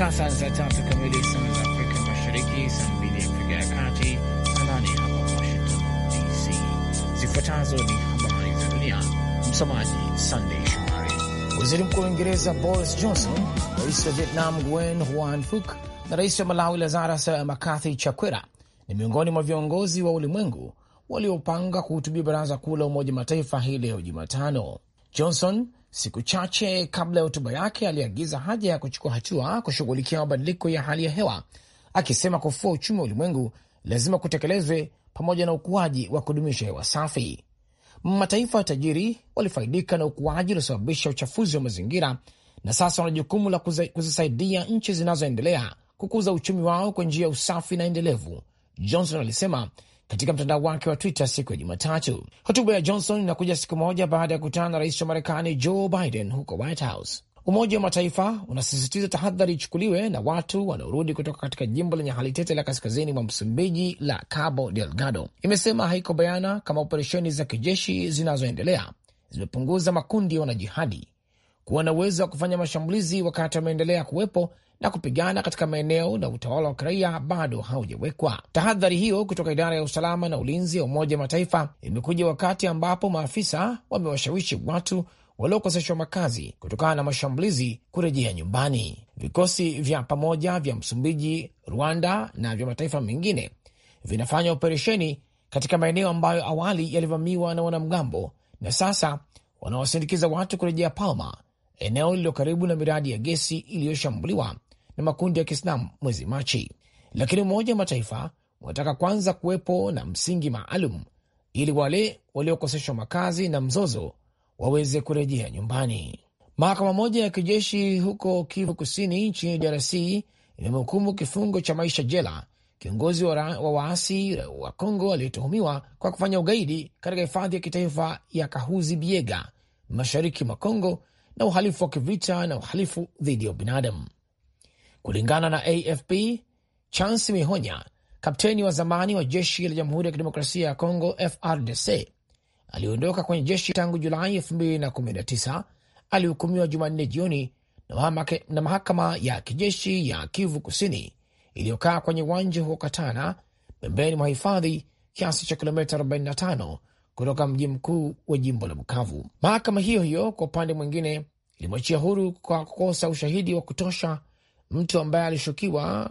sasa za tatu kamili saa za Afrika Mashariki, saa mbili Afrika ya Kati na nane hapa Washington DC. Zifuatazo ni habari za dunia, msomaji Sandey Shomari. Waziri Mkuu wa Uingereza Boris Johnson, rais wa Vietnam Nguyen Huan Phuc na rais wa Malawi Lazarus Makathi Chakwera ni miongoni mwa viongozi wa ulimwengu waliopanga kuhutubia Baraza Kuu la Umoja Mataifa hii leo Jumatano. Johnson Siku chache kabla ya hotuba yake aliagiza haja ya kuchukua hatua kushughulikia mabadiliko ya hali ya hewa, akisema kufua uchumi wa ulimwengu lazima kutekelezwe pamoja na ukuaji wa kudumisha hewa safi. Mataifa tajiri walifaidika na ukuaji uliosababisha uchafuzi wa mazingira na sasa wana jukumu la kuzisaidia nchi zinazoendelea kukuza uchumi wao kwa njia ya usafi na endelevu, Johnson alisema katika mtandao wake wa Twitter siku ya Jumatatu. Hotuba ya Johnson inakuja siku moja baada ya kukutana na rais wa Marekani Joe Biden huko White House. Umoja wa Mataifa unasisitiza tahadhari ichukuliwe na watu wanaorudi kutoka katika jimbo lenye hali tete la kaskazini mwa Msumbiji la Cabo Delgado. Imesema haiko bayana kama operesheni za kijeshi zinazoendelea zimepunguza makundi ya wanajihadi kuwa na uwezo wa kufanya mashambulizi wakati wameendelea kuwepo na kupigana katika maeneo na utawala wa kiraia bado haujawekwa. Tahadhari hiyo kutoka idara ya usalama na ulinzi ya Umoja wa Mataifa imekuja wakati ambapo maafisa wamewashawishi watu waliokoseshwa makazi kutokana na mashambulizi kurejea nyumbani. Vikosi vya pamoja vya Msumbiji, Rwanda na vya mataifa mengine vinafanya operesheni katika maeneo ambayo awali yalivamiwa na wanamgambo na sasa wanawasindikiza watu kurejea Palma, eneo lililo karibu na miradi ya gesi iliyoshambuliwa na makundi ya Kiislamu mwezi Machi, lakini Umoja wa Mataifa unataka kwanza kuwepo na msingi maalum ili wale waliokoseshwa makazi na mzozo waweze kurejea nyumbani. Mahakama moja ya kijeshi huko Kivu Kusini nchini DRC imemhukumu kifungo cha maisha jela kiongozi wa waasi wa Kongo aliyetuhumiwa kwa kufanya ugaidi katika hifadhi ya kitaifa ya Kahuzi Biega mashariki mwa Kongo na uhalifu wa kivita na uhalifu dhidi ya ubinadamu. Kulingana na AFP, Chansi Mihonya, kapteni wa zamani wa jeshi la Jamhuri ya Kidemokrasia ya Kongo FRDC aliondoka kwenye jeshi tangu Julai 2019, alihukumiwa Jumanne jioni na mahakama ya kijeshi ya Kivu Kusini iliyokaa kwenye uwanja huo Katana, pembeni mwa hifadhi, kiasi cha kilomita 45 kutoka mji mkuu wa jimbo la Bukavu. Mahakama hiyo hiyo, kwa upande mwingine, ilimwachia huru kwa kukosa ushahidi wa kutosha mtu ambaye alishukiwa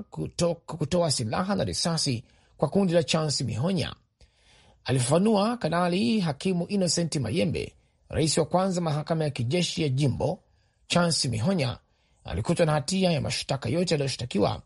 kutoa silaha na risasi kwa kundi la chans Mihonya, alifafanua Kanali Hakimu Innocenti Mayembe, rais wa kwanza mahakama ya kijeshi ya jimbo. chans Mihonya alikutwa na hatia ya mashtaka yote yaliyoshtakiwa.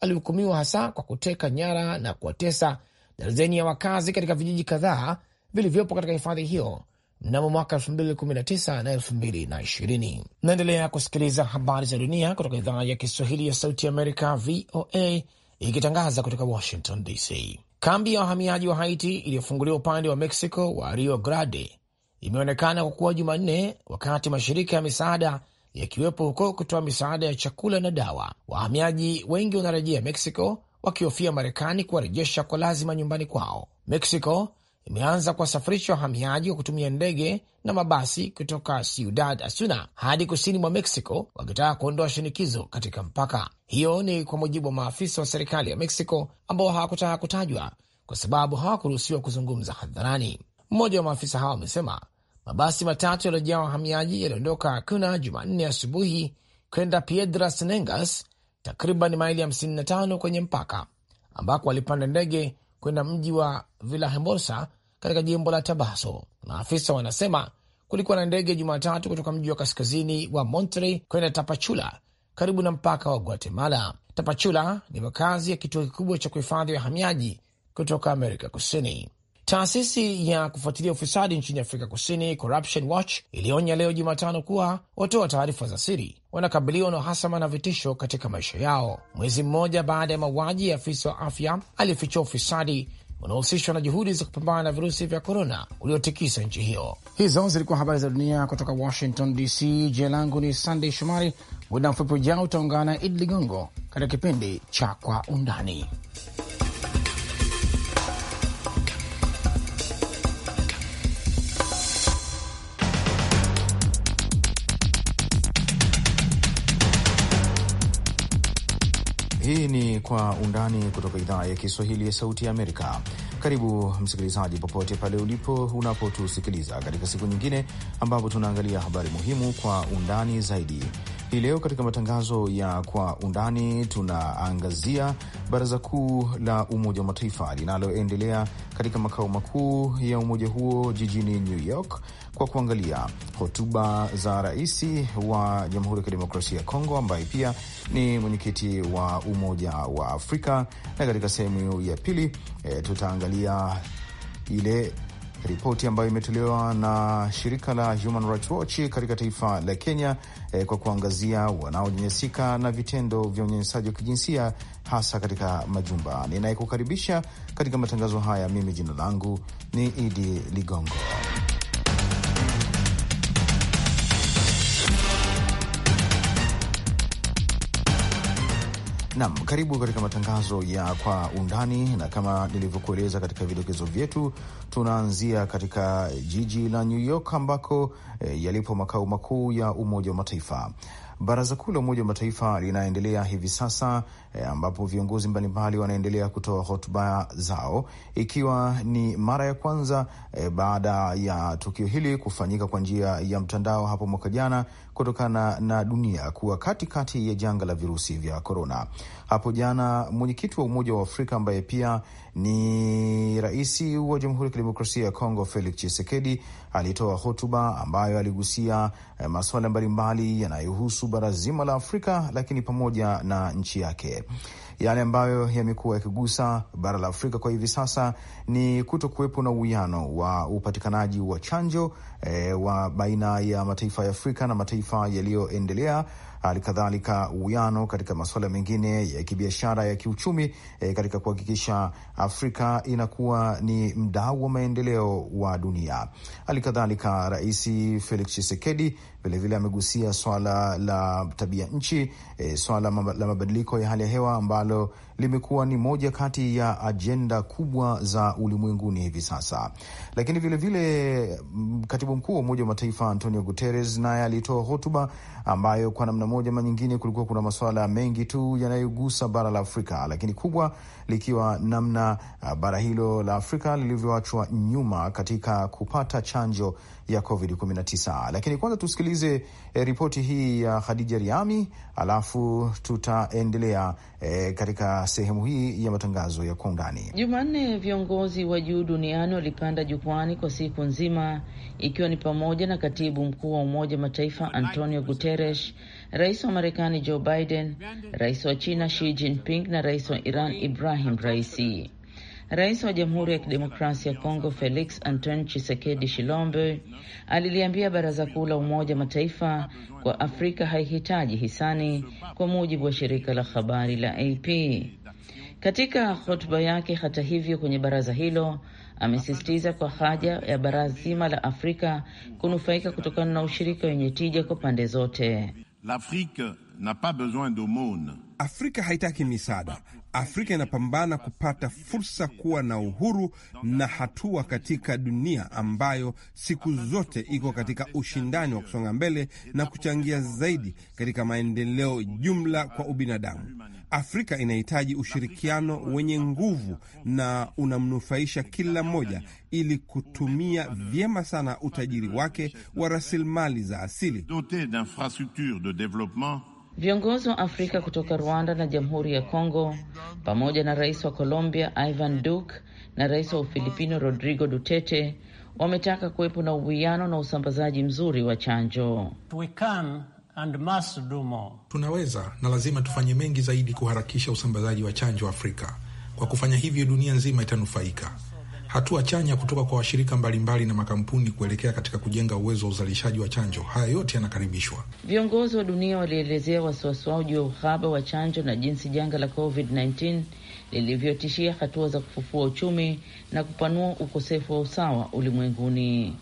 Alihukumiwa hasa kwa kuteka nyara na kuwatesa darzeni ya wakazi katika vijiji kadhaa vilivyopo katika hifadhi hiyo mnamo mwaka 2019 na 2020. Naendelea kusikiliza habari za dunia kutoka idhaa ya Kiswahili ya Sauti Amerika, VOA, ikitangaza kutoka Washington DC. Kambi ya wahamiaji wa Haiti iliyofunguliwa upande wa Mexico wa Rio Grande imeonekana kuwa Jumanne, wakati mashirika ya misaada yakiwepo huko kutoa misaada ya chakula na dawa. Wahamiaji wengi wanarejea Mexico wakihofia Marekani kuwarejesha kwa lazima nyumbani kwao. Mexico imeanza kuwasafirisha wahamiaji wa kutumia ndege na mabasi kutoka Ciudad Asuna hadi kusini mwa Mexico wakitaka kuondoa shinikizo katika mpaka. Hiyo ni kwa mujibu wa maafisa wa serikali ya Mexico ambao hawakutaka kutajwa kwa sababu hawakuruhusiwa kuzungumza hadharani. Mmoja wa maafisa hao amesema mabasi matatu yaliyojaa wahamiaji yaliondoka Kuna Jumanne asubuhi kwenda Piedras Negras, takriban maili 55 kwenye mpaka ambako walipanda ndege kwenda mji wa Villahermosa katika jimbo la Tabasco. Maafisa wanasema kulikuwa na ndege Jumatatu kutoka mji wa kaskazini wa Monterrey kwenda Tapachula karibu na mpaka wa Guatemala. Tapachula ni makazi ya kituo kikubwa cha kuhifadhi wahamiaji kutoka Amerika Kusini. Taasisi ya kufuatilia ufisadi nchini Afrika Kusini, Corruption Watch, ilionya leo Jumatano kuwa watoa taarifa za siri wanakabiliwa na uhasama na vitisho katika maisha yao, mwezi mmoja baada ya mauaji ya afisa wa afya aliyefichua ufisadi unaohusishwa na juhudi za kupambana na virusi vya korona uliotikisa nchi hiyo. Hizo zilikuwa habari za dunia kutoka Washington DC. Jina langu ni Sandey Shomari. Muda mfupi ujao utaungana na Idi Ligongo katika kipindi cha Kwa Undani. Kwa Undani kutoka idhaa ya Kiswahili ya Sauti ya Amerika. Karibu msikilizaji, popote pale ulipo unapotusikiliza katika siku nyingine ambapo tunaangalia habari muhimu kwa undani zaidi. Hii leo katika matangazo ya kwa undani tunaangazia baraza kuu la Umoja wa Mataifa linaloendelea katika makao makuu ya umoja huo jijini New York kwa kuangalia hotuba za rais wa Jamhuri ya Kidemokrasia ya Kongo ambaye pia ni mwenyekiti wa Umoja wa Afrika, na katika sehemu ya pili e, tutaangalia ile ripoti ambayo imetolewa na shirika la Human Rights Watch katika taifa la Kenya eh, kwa kuangazia wanaonyanyasika na vitendo vya unyanyasaji wa kijinsia hasa katika majumba. Ninayekukaribisha katika matangazo haya, mimi jina langu ni Idi Ligongo. Nam, karibu katika matangazo ya kwa undani, na kama nilivyokueleza katika vidokezo vyetu, tunaanzia katika jiji la New York ambako e, yalipo makao makuu ya Umoja wa Mataifa. Baraza Kuu la Umoja wa Mataifa linaendelea hivi sasa e, ambapo viongozi mbalimbali wanaendelea kutoa hotuba zao, ikiwa ni mara ya kwanza e, baada ya tukio hili kufanyika kwa njia ya mtandao hapo mwaka jana, kutokana na dunia kuwa katikati kati ya janga la virusi vya korona. Hapo jana mwenyekiti wa Umoja wa Afrika ambaye pia ni rais wa Jamhuri ya Kidemokrasia ya Kongo Felix Tshisekedi alitoa hotuba ambayo aligusia eh, masuala mbalimbali yanayohusu bara zima la Afrika, lakini pamoja na nchi yake. Yale ambayo yamekuwa yakigusa bara la Afrika kwa hivi sasa ni kuto kuwepo na uwiano wa upatikanaji wa chanjo e, wa baina ya mataifa ya Afrika na mataifa yaliyoendelea. Hali kadhalika uwiano katika masuala mengine ya kibiashara ya kiuchumi e, katika kuhakikisha Afrika inakuwa ni mdau wa maendeleo wa dunia. Hali kadhalika Rais Felix Tshisekedi Vilevile amegusia swala la tabia nchi, e, swala la mabadiliko ya hali ya hewa ambalo limekuwa ni moja kati ya ajenda kubwa za ulimwenguni hivi sasa. Lakini vilevile vile, mm, katibu mkuu wa Umoja wa Mataifa Antonio Guterres naye alitoa hotuba ambayo kwa namna moja ama nyingine kulikuwa kuna masuala mengi tu yanayogusa bara la Afrika, lakini kubwa likiwa namna bara hilo la Afrika lilivyoachwa nyuma katika kupata chanjo ya COVID-19. Lakini kwanza tusikilize eh, ripoti hii ya Khadija Riami, alafu tutaendelea eh, katika sehemu hii ya matangazo ya kwa undani. Jumanne, viongozi wa juu duniani walipanda jukwani kwa siku nzima, ikiwa ni pamoja na katibu mkuu wa Umoja Mataifa Antonio Guterres, rais wa Marekani Joe Biden, rais wa China Xi Jinping na rais wa Iran Ibrahim Raisi. Rais wa Jamhuri ya Kidemokrasia ya Kongo Felix Antoine chisekedi shilombe aliliambia Baraza Kuu la Umoja Mataifa kwa Afrika haihitaji hisani, kwa mujibu wa shirika la habari la AP. Katika hotuba yake, hata hivyo, kwenye baraza hilo amesisitiza kwa haja ya bara zima la Afrika kunufaika kutokana na ushirika wenye tija kwa pande zote. L'Afrique n'a pas besoin d'aumône. Afrika haitaki misaada. Afrika inapambana kupata fursa kuwa na uhuru na hatua katika dunia ambayo siku zote iko katika ushindani wa kusonga mbele na kuchangia zaidi katika maendeleo jumla kwa ubinadamu. Afrika inahitaji ushirikiano wenye nguvu na unamnufaisha kila mmoja ili kutumia vyema sana utajiri wake wa rasilimali za asili. Viongozi wa Afrika kutoka Rwanda na Jamhuri ya Kongo pamoja na Rais wa Colombia Ivan Duque na Rais wa Ufilipino Rodrigo Duterte wametaka kuwepo na uwiano na usambazaji mzuri wa chanjo. We can and must do more. Tunaweza na lazima tufanye mengi zaidi kuharakisha usambazaji wa chanjo Afrika. Kwa kufanya hivyo, dunia nzima itanufaika hatua chanya kutoka kwa washirika mbalimbali na makampuni kuelekea katika kujenga uwezo wa uzalishaji wa chanjo. Haya yote yanakaribishwa. Viongozi wa dunia walielezea wasiwasi wao juu ya uhaba wa chanjo na jinsi janga la COVID-19 lilivyotishia hatua za kufufua uchumi na kupanua ukosefu wa usawa ulimwenguni.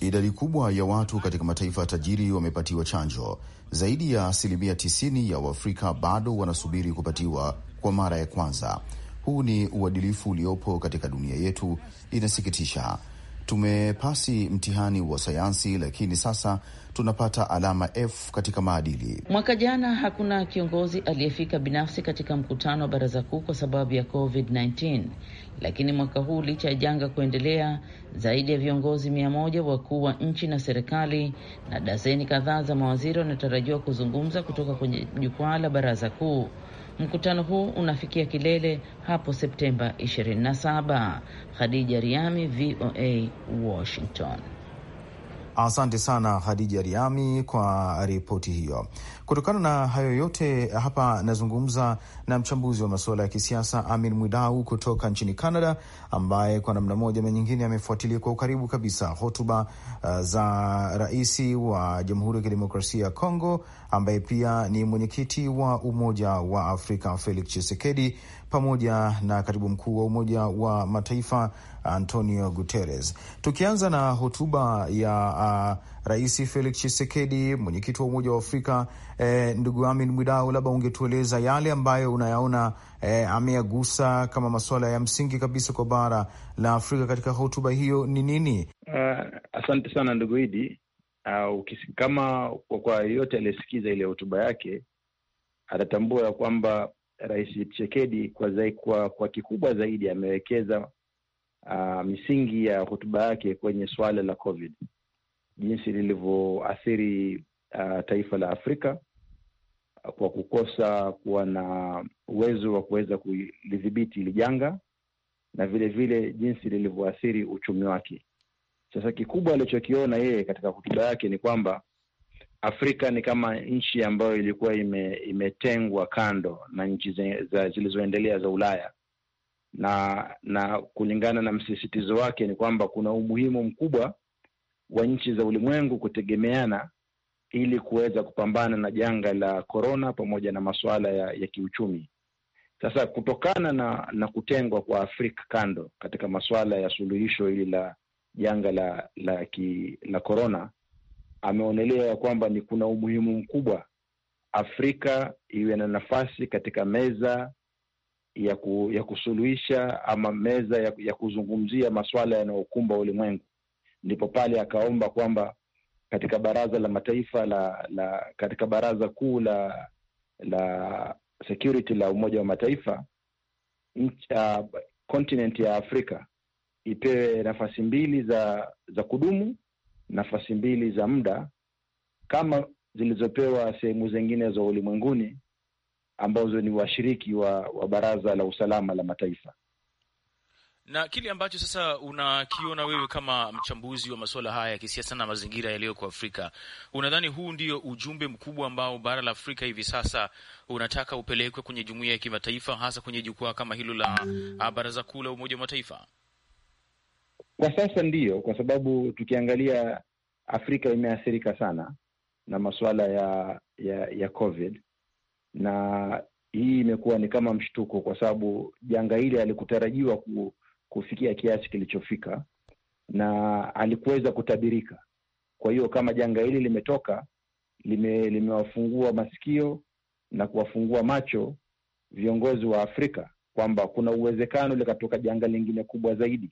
Idadi kubwa ya watu katika mataifa tajiri wamepatiwa chanjo. Zaidi ya asilimia 90 ya Waafrika bado wanasubiri kupatiwa kwa mara ya kwanza. Huu ni uadilifu uliopo katika dunia yetu. Inasikitisha, tumepasi mtihani wa sayansi, lakini sasa tunapata alama F katika maadili. Mwaka jana hakuna kiongozi aliyefika binafsi katika mkutano wa baraza kuu kwa sababu ya COVID-19, lakini mwaka huu licha ya janga kuendelea, zaidi ya viongozi mia moja wakuu wa nchi na serikali na dazeni kadhaa za mawaziri wanatarajiwa kuzungumza kutoka kwenye jukwaa la baraza kuu. Mkutano huu unafikia kilele hapo Septemba 27. Khadija Riami, VOA, Washington. Asante sana hadija Riami kwa ripoti hiyo. Kutokana na hayo yote, hapa nazungumza na mchambuzi wa masuala ya kisiasa amin Mwidau kutoka nchini Canada, ambaye kwa namna moja ama nyingine amefuatilia kwa ukaribu kabisa hotuba uh, za rais wa Jamhuri ya Kidemokrasia ya Kongo ambaye pia ni mwenyekiti wa Umoja wa Afrika Felix Tshisekedi pamoja na katibu mkuu wa Umoja wa Mataifa Antonio Guterres. Tukianza na hotuba ya uh, Rais Felix Tshisekedi, mwenyekiti wa Umoja wa Afrika. Eh, ndugu Amin Mwidau, labda ungetueleza yale ambayo unayaona eh, ameyagusa kama masuala ya msingi kabisa kwa bara la Afrika katika hotuba hiyo ni nini? Uh, asante sana ndugu Idi. Uh, kama kwa, yeyote aliyesikiza ile hotuba yake atatambua ya kwamba Rais Chisekedi kwa, kwa, kwa kikubwa zaidi amewekeza uh, misingi ya hotuba yake kwenye suala la COVID, jinsi lilivyoathiri uh, taifa la Afrika ah, kwa kukosa kuwa na uwezo wa kuweza kulidhibiti hili janga na vile vile jinsi lilivyoathiri uchumi wake. Sasa kikubwa alichokiona yeye katika hotuba yake ni kwamba Afrika ni kama nchi ambayo ilikuwa ime, imetengwa kando na nchi zilizoendelea za Ulaya na na kulingana na msisitizo wake ni kwamba kuna umuhimu mkubwa wa nchi za ulimwengu kutegemeana ili kuweza kupambana na janga la korona pamoja na masuala ya, ya kiuchumi. Sasa kutokana na, na kutengwa kwa Afrika kando katika masuala ya suluhisho hili la janga la la ki, la korona ameonelea ya kwamba ni kuna umuhimu mkubwa Afrika iwe na nafasi katika meza ya, ku, ya kusuluhisha ama meza ya, ya kuzungumzia masuala yanayokumba ulimwengu. Ndipo pale akaomba kwamba katika baraza la mataifa la, la katika baraza kuu la la security la Umoja wa Mataifa uh, continent ya Afrika ipewe nafasi mbili za za kudumu nafasi mbili za muda kama zilizopewa sehemu zingine za ulimwenguni ambazo ni washiriki wa, wa Baraza la Usalama la Mataifa. Na kile ambacho sasa unakiona wewe kama mchambuzi wa masuala haya ya kisiasa na mazingira yaliyoko Afrika, unadhani huu ndio ujumbe mkubwa ambao bara la Afrika hivi sasa unataka upelekwe kwenye jumuiya ya kimataifa, hasa kwenye jukwaa kama hilo la ah, Baraza Kuu la Umoja wa Mataifa? Kwa sasa ndiyo, kwa sababu tukiangalia Afrika imeathirika sana na masuala ya ya ya COVID na hii imekuwa ni kama mshtuko, kwa sababu janga hili alikutarajiwa kufikia kiasi kilichofika na alikuweza kutabirika. Kwa hiyo kama janga hili limetoka, lime, limewafungua masikio na kuwafungua macho viongozi wa Afrika kwamba kuna uwezekano likatoka janga lingine kubwa zaidi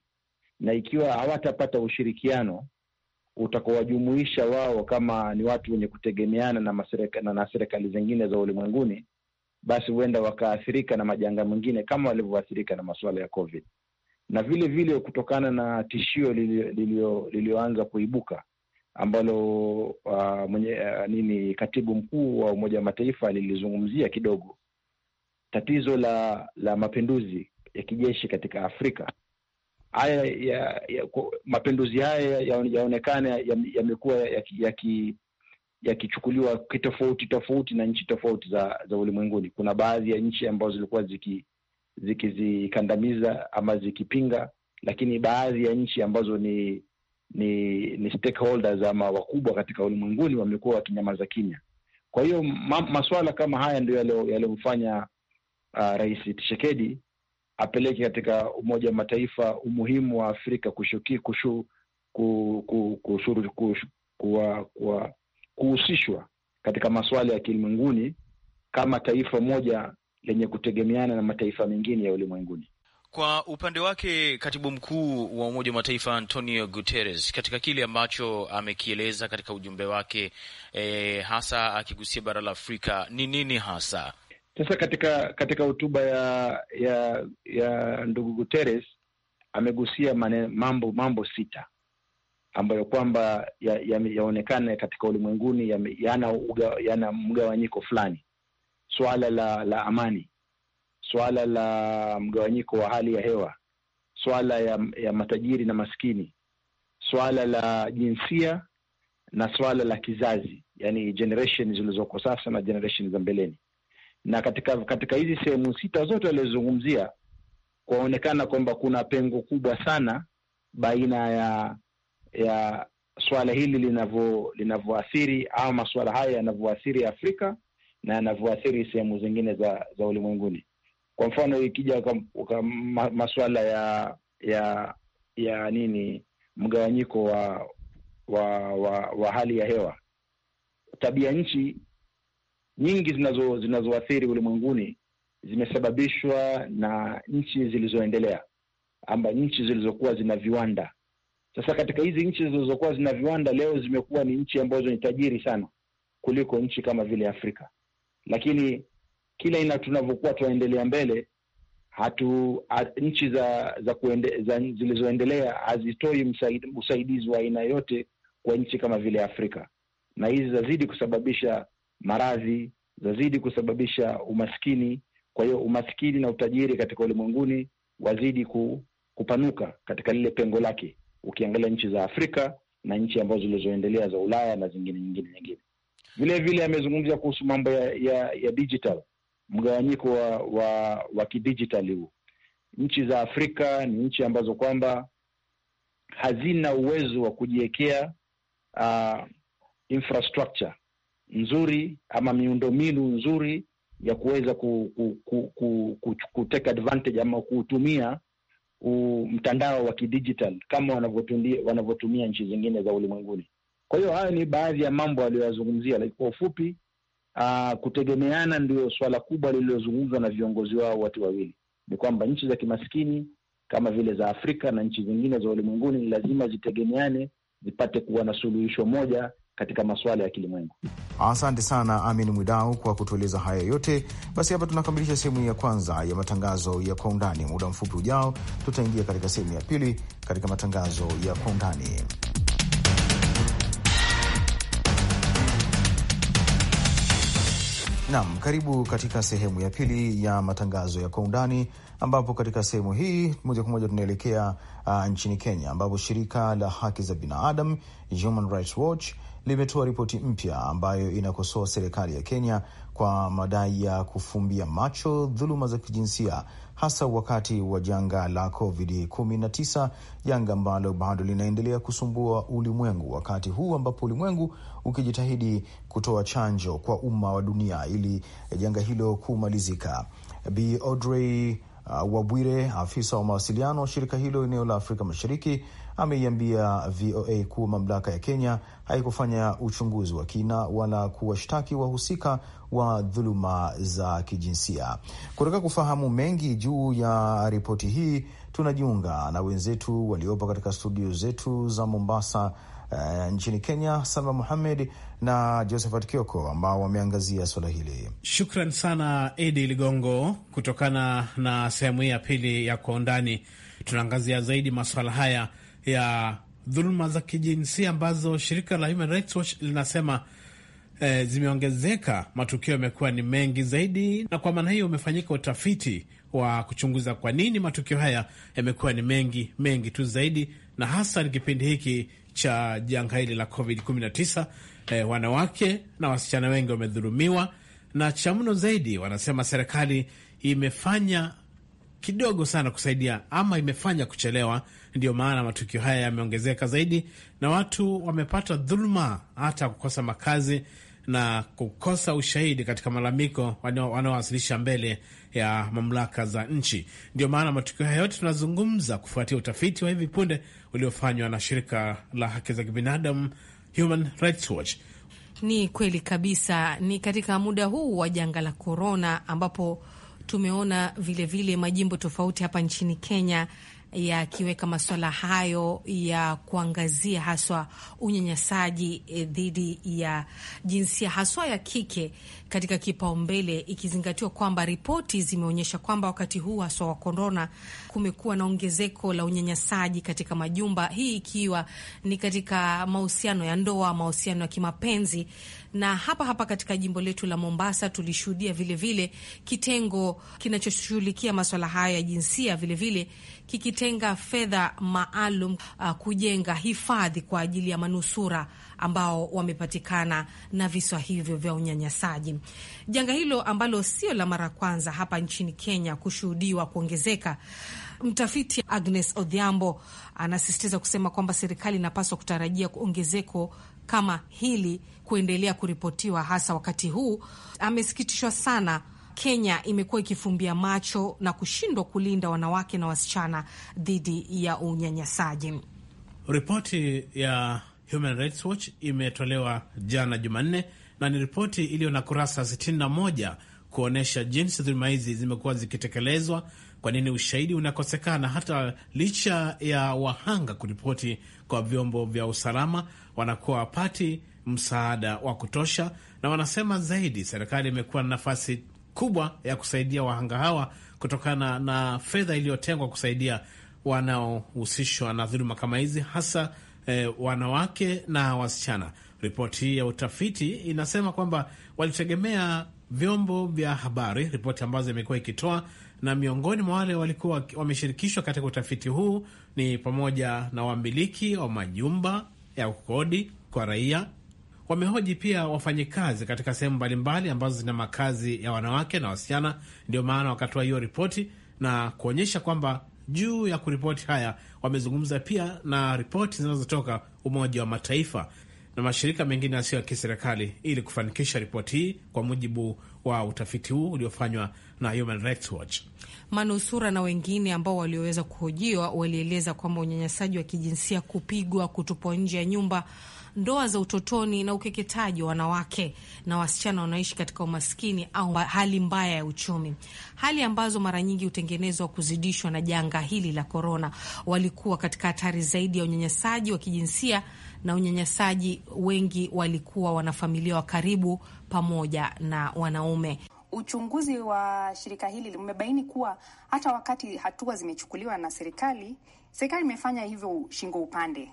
na ikiwa hawatapata ushirikiano utakowajumuisha wao kama ni watu wenye kutegemeana na serikali na serikali zingine za ulimwenguni, basi huenda wakaathirika na majanga mengine kama walivyoathirika na masuala ya COVID na vile vile kutokana na tishio lililoanza kuibuka ambalo uh, mwenye, uh, nini katibu mkuu wa Umoja wa Mataifa lilizungumzia kidogo tatizo la la mapinduzi ya kijeshi katika Afrika haya ya, ya, mapinduzi haya yaonekana yamekuwa yakichukuliwa ya ya kitofauti tofauti na nchi tofauti za za ulimwenguni. Kuna baadhi ya nchi ambazo zilikuwa zikizikandamiza ziki ama zikipinga, lakini baadhi ya nchi ambazo ni ni, ni stakeholders ama wakubwa katika ulimwenguni wamekuwa wakinyamaza kimya. Kwa hiyo ma, masuala kama haya ndio yaliyomfanya uh, Rais Tshisekedi apeleke katika Umoja wa Mataifa umuhimu wa Afrika kushuki, kushu, ku, ku, kuhusishwa katika masuala ya kilimwenguni kama taifa moja lenye kutegemeana na mataifa mengine ya ulimwenguni. Kwa upande wake katibu mkuu wa Umoja wa Mataifa Antonio Guterres, katika kile ambacho amekieleza katika ujumbe wake e, hasa akigusia bara la Afrika, ni nini hasa sasa katika katika hotuba ya ya ya ndugu Guterres amegusia mane, mambo mambo sita ambayo kwamba yaonekana ya, ya katika ulimwenguni yana ya mgawanyiko fulani. swala la la amani, swala la mgawanyiko wa hali ya hewa, swala ya, ya matajiri na maskini, swala la jinsia na swala la kizazi, yani generation zilizoko sasa na generation za mbeleni na katika katika hizi sehemu sita zote walizozungumzia, kwaonekana kwamba kuna pengo kubwa sana baina ya ya swala hili linavyo linavyoathiri au masuala haya yanavyoathiri Afrika na yanavyoathiri sehemu zingine za za ulimwenguni. Kwa mfano ikija ma, masuala ya ya ya nini mgawanyiko wa wa, wa wa hali ya hewa, tabia nchi nyingi zinazo zinazoathiri ulimwenguni zimesababishwa na nchi zilizoendelea ama nchi zilizokuwa zina viwanda. Sasa katika hizi nchi zilizokuwa zina viwanda leo zimekuwa ni nchi ambazo ni tajiri sana kuliko nchi kama vile Afrika, lakini kila tunavyokuwa tunaendelea mbele hatu nchi za za, kuende, za zilizoendelea hazitoi msaid, usaidizi wa aina yote kwa nchi kama vile Afrika, na hizi zazidi kusababisha maradhi, zazidi kusababisha umaskini. Kwa hiyo umaskini na utajiri katika ulimwenguni wazidi ku, kupanuka katika lile pengo lake, ukiangalia nchi za Afrika na nchi ambazo zilizoendelea za Ulaya na zingine nyingine nyingine. Vile vile amezungumzia kuhusu mambo ya, ya, ya digital, mgawanyiko wa, wa, wa kidijitali huu. Nchi za Afrika ni nchi ambazo kwamba hazina uwezo wa kujiwekea uh, infrastructure nzuri ama miundombinu nzuri ya kuweza ku, ku, ku, ku, ku, ku take advantage ama kuutumia mtandao wa kidigital kama wanavyotumia nchi zingine za ulimwenguni. Kwa hiyo hayo ni baadhi ya mambo aliyoyazungumzia, lakini kwa ufupi aa, kutegemeana ndio swala kubwa lililozungumzwa na viongozi wao wote wawili, ni kwamba nchi za kimaskini kama vile za Afrika na nchi zingine za ulimwenguni ni lazima zitegemeane, zipate kuwa na suluhisho moja katika masuala ya kilimwengu. Asante sana Amin Mwidau kwa kutueleza haya yote. Basi hapa tunakamilisha sehemu ya kwanza ya matangazo ya kwa undani. Muda mfupi ujao, tutaingia katika sehemu ya pili katika matangazo ya kwa undani. Naam, karibu katika sehemu ya pili ya matangazo ya kwa undani, ambapo katika sehemu hii moja kwa moja tunaelekea uh, nchini Kenya, ambapo shirika la haki za binadamu Human Rights Watch limetoa ripoti mpya ambayo inakosoa serikali ya Kenya kwa madai ya kufumbia macho dhuluma za kijinsia hasa wakati wa janga la COVID-19, janga ambalo bado linaendelea kusumbua ulimwengu wakati huu ambapo ulimwengu ukijitahidi kutoa chanjo kwa umma wa dunia ili janga hilo kumalizika. Bi Audrey uh, Wabwire, afisa wa mawasiliano wa shirika hilo eneo la Afrika Mashariki, ameiambia VOA kuwa mamlaka ya Kenya haikufanya uchunguzi wa kina wala kuwashtaki wahusika wa dhuluma za kijinsia. Kutaka kufahamu mengi juu ya ripoti hii tunajiunga na wenzetu waliopo katika studio zetu za Mombasa, uh, nchini Kenya, Salma Muhamed na Josephat Kioko ambao wameangazia suala hili. Shukran sana Idi Ligongo. Kutokana na sehemu hii ya pili ya Kwa Undani, tunaangazia zaidi masuala haya ya dhuluma za kijinsia ambazo shirika la Human Rights Watch linasema e, zimeongezeka, matukio yamekuwa ni mengi zaidi, na kwa maana hiyo umefanyika utafiti wa kuchunguza kwa nini matukio haya yamekuwa ni mengi mengi tu zaidi, na hasa ni kipindi hiki cha janga hili la COVID-19. E, wanawake na wasichana wengi wamedhulumiwa, na cha mno zaidi wanasema serikali imefanya kidogo sana kusaidia ama imefanya kuchelewa. ndio maana matukio haya yameongezeka zaidi, na watu wamepata dhuluma hata kukosa makazi na kukosa ushahidi katika malalamiko wanaowasilisha mbele ya mamlaka za nchi. Ndio maana matukio haya yote tunazungumza kufuatia utafiti wa hivi punde uliofanywa na shirika la haki za kibinadamu Human Rights Watch. Ni kweli kabisa, ni katika muda huu wa janga la korona ambapo tumeona vilevile vile majimbo tofauti hapa nchini Kenya yakiweka masuala hayo ya kuangazia haswa unyanyasaji eh, dhidi ya jinsia haswa ya kike katika kipaumbele, ikizingatiwa kwamba ripoti zimeonyesha kwamba wakati huu haswa wa korona kumekuwa na ongezeko la unyanyasaji katika majumba, hii ikiwa ni katika mahusiano ya ndoa, mahusiano ya kimapenzi na hapa hapa katika jimbo letu la Mombasa tulishuhudia vilevile kitengo kinachoshughulikia maswala haya ya jinsia vilevile kikitenga fedha maalum uh, kujenga hifadhi kwa ajili ya manusura ambao wamepatikana na visa hivyo vya unyanyasaji. Janga hilo ambalo sio la mara kwanza hapa nchini Kenya kushuhudiwa kuongezeka. Mtafiti Agnes Odhiambo anasisitiza kusema kwamba serikali inapaswa kutarajia ongezeko kama hili kuendelea kuripotiwa hasa wakati huu. Amesikitishwa sana Kenya imekuwa ikifumbia macho na kushindwa kulinda wanawake na wasichana dhidi ya unyanyasaji. Ripoti ya Human Rights Watch imetolewa jana Jumanne na ni ripoti iliyo na kurasa 61 kuonyesha jinsi dhuluma hizi zimekuwa zikitekelezwa, kwa nini ushahidi unakosekana hata licha ya wahanga kuripoti kwa vyombo vya usalama wanakuwa wapati msaada wa kutosha, na wanasema zaidi serikali imekuwa na nafasi kubwa ya kusaidia wahanga hawa kutokana na fedha iliyotengwa kusaidia wanaohusishwa na dhuluma kama hizi, hasa eh, wanawake na wasichana. Ripoti hii ya utafiti inasema kwamba walitegemea vyombo vya habari, ripoti ambazo imekuwa ikitoa na miongoni mwa wale walikuwa wameshirikishwa katika utafiti huu ni pamoja na wamiliki wa majumba ya kukodi kwa raia. Wamehoji pia wafanyikazi katika sehemu mbalimbali ambazo zina makazi ya wanawake na wasichana. Ndio maana wakatoa hiyo ripoti na kuonyesha kwamba juu ya kuripoti haya wamezungumza pia na ripoti zinazotoka Umoja wa Mataifa na mashirika mengine yasiyo ya kiserikali ili kufanikisha ripoti hii, kwa mujibu wa utafiti huu uliofanywa na Human Rights Watch. Manusura na wengine ambao walioweza kuhojiwa walieleza kwamba unyanyasaji wa kijinsia, kupigwa, kutupwa nje ya nyumba ndoa za utotoni na ukeketaji wa wanawake na wasichana wanaoishi katika umaskini au hali mbaya ya uchumi, hali ambazo mara nyingi hutengenezwa kuzidishwa na janga hili la korona. Walikuwa katika hatari zaidi ya unyanyasaji wa kijinsia na unyanyasaji, wengi walikuwa wanafamilia wa karibu pamoja na wanaume. Uchunguzi wa shirika hili umebaini kuwa hata wakati hatua zimechukuliwa na serikali, serikali imefanya hivyo shingo upande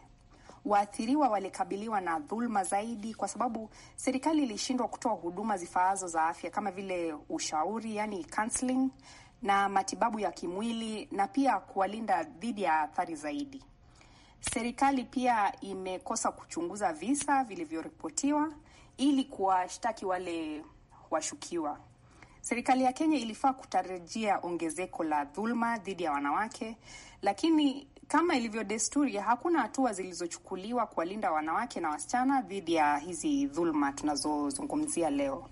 waathiriwa walikabiliwa na dhulma zaidi, kwa sababu serikali ilishindwa kutoa huduma zifaazo za afya kama vile ushauri, yani counseling, na matibabu ya kimwili na pia kuwalinda dhidi ya athari zaidi. Serikali pia imekosa kuchunguza visa vilivyoripotiwa ili kuwashtaki wale washukiwa. Serikali ya Kenya ilifaa kutarajia ongezeko la dhulma dhidi ya wanawake, lakini kama ilivyo desturi, hakuna hatua zilizochukuliwa kuwalinda wanawake na wasichana dhidi ya hizi dhuluma tunazozungumzia leo.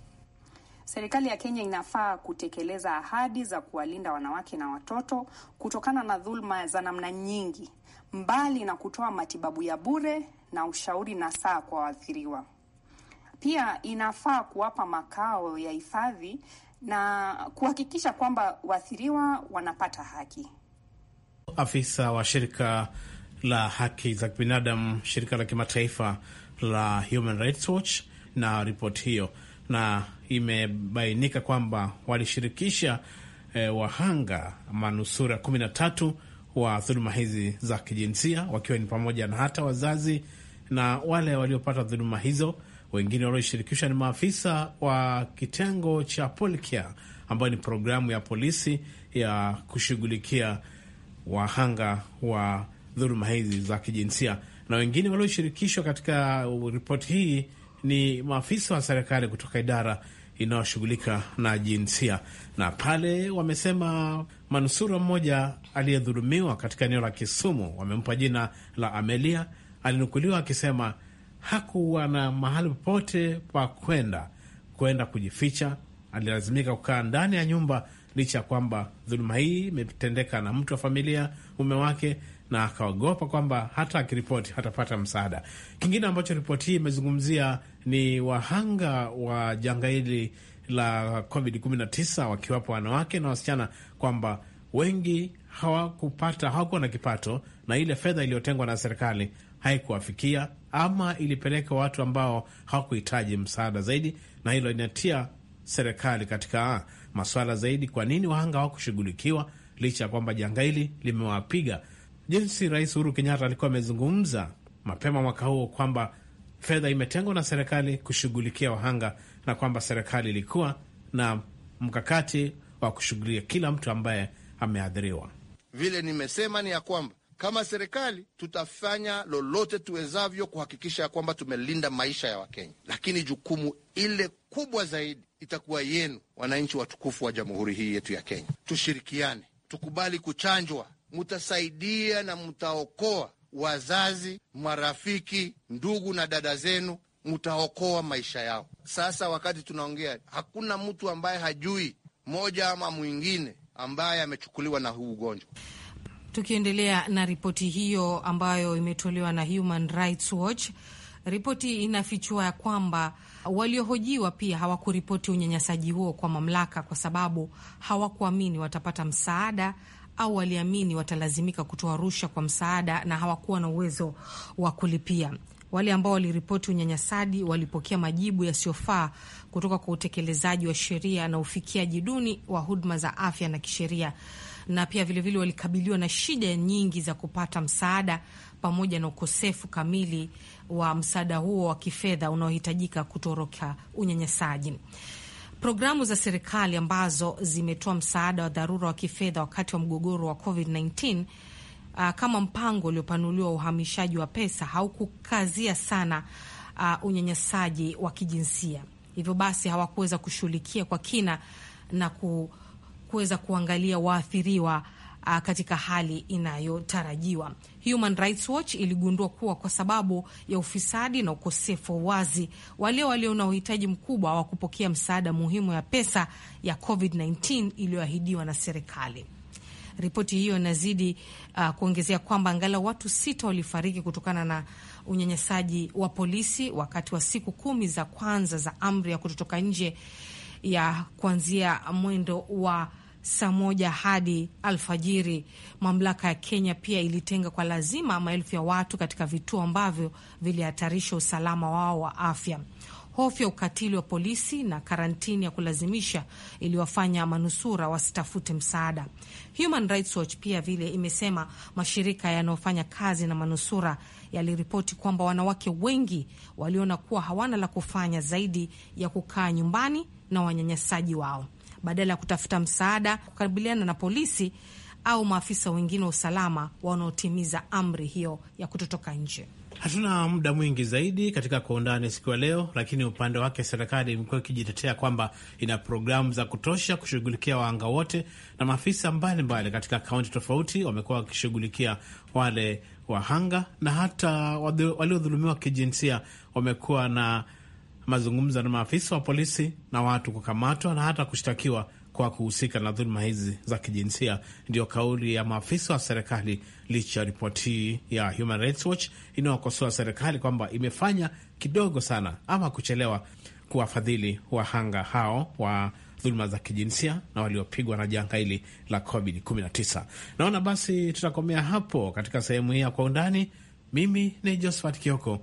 Serikali ya Kenya inafaa kutekeleza ahadi za kuwalinda wanawake na watoto kutokana na dhuluma za namna nyingi, mbali na kutoa matibabu ya bure na ushauri na saa kwa waathiriwa. Pia inafaa kuwapa makao ya hifadhi na kuhakikisha kwamba waathiriwa wanapata haki afisa wa shirika la haki za kibinadamu shirika la kimataifa la Human Rights Watch na ripoti hiyo, na imebainika kwamba walishirikisha eh, wahanga manusura kumi na tatu wa dhuluma hizi za kijinsia wakiwa ni pamoja na hata wazazi na wale waliopata dhuluma hizo. Wengine walioshirikishwa ni maafisa wa kitengo cha Polkia ambayo ni programu ya polisi ya kushughulikia wahanga wa dhuluma hizi za kijinsia, na wengine walioshirikishwa katika ripoti hii ni maafisa wa serikali kutoka idara inayoshughulika na jinsia. Na pale wamesema manusura mmoja aliyedhulumiwa katika eneo la Kisumu, wamempa jina la Amelia, alinukuliwa akisema hakuwa na mahali popote pa kwenda kwenda kujificha. Alilazimika kukaa ndani ya nyumba licha ya kwamba dhuluma hii imetendeka na mtu wa familia, mume wake, na akaogopa kwamba hata akiripoti hatapata msaada. Kingine ambacho ripoti hii imezungumzia ni wahanga wa janga hili la COVID-19 wakiwapo wanawake na wasichana, kwamba wengi hawakupata hawakuwa na kipato, na ile fedha iliyotengwa na serikali haikuwafikia ama ilipeleka watu ambao hawakuhitaji msaada zaidi, na hilo inatia serikali katika maswala zaidi, kwa nini wahanga hawakushughulikiwa licha ya kwamba janga hili limewapiga. Jinsi Rais Uhuru Kenyatta alikuwa amezungumza mapema mwaka huo kwamba fedha imetengwa na serikali kushughulikia wahanga na kwamba serikali ilikuwa na mkakati wa kushughulikia kila mtu ambaye ameathiriwa. Vile nimesema ni ya kwamba kama serikali tutafanya lolote tuwezavyo kuhakikisha ya kwamba tumelinda maisha ya Wakenya, lakini jukumu ile kubwa zaidi itakuwa yenu, wananchi watukufu wa jamhuri hii yetu ya Kenya. Tushirikiane, tukubali kuchanjwa, mutasaidia na mtaokoa wazazi, marafiki, ndugu na dada zenu, mtaokoa maisha yao. Sasa wakati tunaongea, hakuna mtu ambaye hajui moja ama mwingine ambaye amechukuliwa na huu ugonjwa. Tukiendelea na ripoti hiyo ambayo imetolewa na Human Rights Watch, ripoti inafichua ya kwamba Waliohojiwa pia hawakuripoti unyanyasaji huo kwa mamlaka kwa sababu hawakuamini watapata msaada au waliamini watalazimika kutoa rushwa kwa msaada na hawakuwa na uwezo wa kulipia. Wale ambao waliripoti unyanyasaji walipokea majibu yasiyofaa kutoka kwa utekelezaji wa sheria na ufikiaji duni wa huduma za afya na kisheria na pia vilevile walikabiliwa na shida nyingi za kupata msaada pamoja na ukosefu kamili wa msaada huo wa kifedha unaohitajika kutoroka unyanyasaji. Programu za serikali ambazo zimetoa msaada wa dharura wa kifedha wakati wa mgogoro wa COVID-19 uh, kama mpango uliopanuliwa uhamishaji wa pesa haukukazia sana uh, unyanyasaji wa kijinsia, hivyo basi hawakuweza kushughulikia kwa kina na ku kuweza kuangalia waathiriwa uh, katika hali inayotarajiwa. Human Rights Watch iligundua kuwa kwa sababu ya ufisadi na ukosefu wa wazi, wale walio na uhitaji mkubwa wa kupokea msaada muhimu ya pesa ya COVID-19 iliyoahidiwa na serikali. Ripoti hiyo inazidi uh, kuongezea kwamba angalau watu sita walifariki kutokana na unyanyasaji wa polisi wakati wa siku kumi za kwanza za amri ya kutotoka nje ya kuanzia mwendo wa saa moja hadi alfajiri. Mamlaka ya Kenya pia ilitenga kwa lazima maelfu ya watu katika vituo ambavyo vilihatarisha usalama wao wa afya. Hofu ya ukatili wa polisi na karantini ya kulazimisha iliwafanya manusura wasitafute msaada. Human Rights Watch pia vile imesema mashirika yanayofanya kazi na manusura yaliripoti kwamba wanawake wengi waliona kuwa hawana la kufanya zaidi ya kukaa nyumbani na wanyanyasaji wao badala ya kutafuta msaada, kukabiliana na polisi au maafisa wengine wa usalama wanaotimiza amri hiyo ya kutotoka nje. Hatuna muda mwingi zaidi katika kwa undani siku ya leo, lakini upande wake serikali imekuwa ikijitetea kwamba ina programu za kutosha kushughulikia wahanga wote, na maafisa mbalimbali katika kaunti tofauti wamekuwa wakishughulikia wale wahanga, na hata waliodhulumiwa kijinsia wamekuwa na mazungumzo na maafisa wa polisi na watu kukamatwa na hata kushtakiwa kwa kuhusika na dhuluma hizi za kijinsia. Ndiyo kauli ya maafisa wa serikali, licha ya ripoti ya Human Rights Watch inayokosoa serikali kwamba imefanya kidogo sana ama kuchelewa kuwafadhili wahanga hao wa dhuluma za kijinsia na waliopigwa na janga hili la COVID-19. Naona basi tutakomea hapo katika sehemu hii ya Kwa Undani. Mimi ni Josephat Kioko.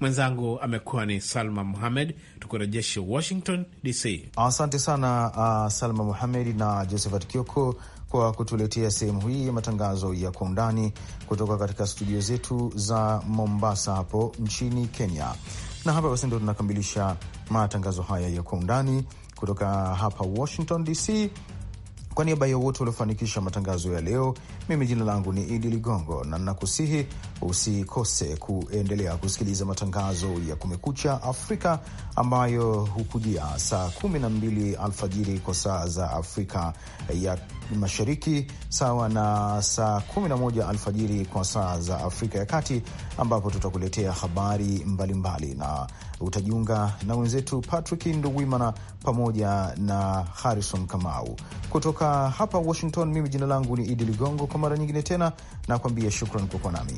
Mwenzangu amekuwa ni Salma Muhamed, tukurejeshe Washington DC. Asante sana uh, Salma Muhamed na Josephat Kioko kwa kutuletea sehemu hii ya matangazo ya kwa undani kutoka katika studio zetu za Mombasa hapo nchini Kenya. Na hapa basi ndo tunakamilisha matangazo haya ya kwa undani kutoka hapa Washington DC. Kwa niaba ya wote waliofanikisha matangazo ya leo, mimi jina langu ni Idi Ligongo na nakusihi usikose kuendelea kusikiliza matangazo ya Kumekucha Afrika ambayo hukujia saa 12 alfajiri kwa saa za Afrika ya Mashariki, sawa na saa 11 alfajiri kwa saa za Afrika ya Kati, ambapo tutakuletea habari mbalimbali mbali na utajiunga na wenzetu Patrick Nduwimana pamoja na Harrison Kamau kutoka hapa Washington. Mimi jina langu ni Idi Ligongo, kwa mara nyingine tena nakwambia shukran kwa kuwa nami.